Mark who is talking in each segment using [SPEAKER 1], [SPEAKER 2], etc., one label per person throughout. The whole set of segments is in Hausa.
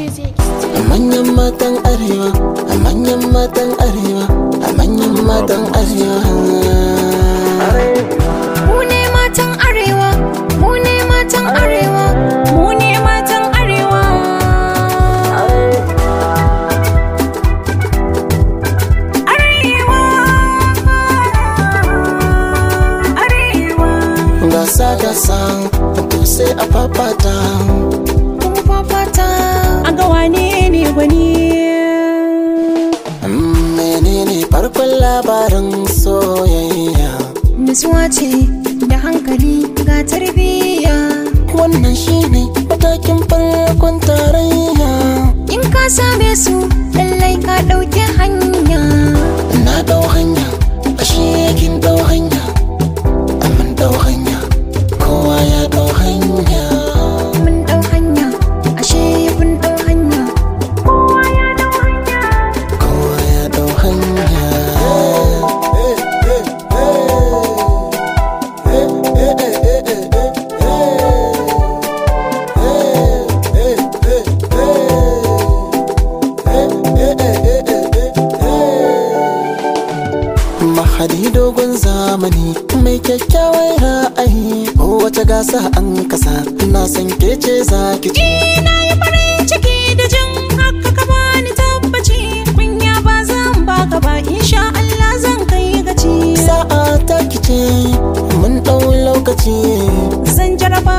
[SPEAKER 1] a manyan matan arewa a manyan matan arewa a manyan matan arewa matan arewa matan arewa matan arewa arewa arewa gasa gasa to sai a fafata fafata kasuwa ce da hankali ga tarbiyya wannan shine matakin farkon tarayya in ka same su lallai ka ɗauke hadi dogon zamani mai kyakkyawar ra'ayi wata gasa an kasa na san ke ce za ki ci eh, na yi farin ciki da jin haka ka bani tabbaci kunya ba zan baka ba insha Allah zan kai gaci sa'a ta kice mun dau lokaci zan jaraba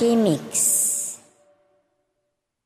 [SPEAKER 1] he mix.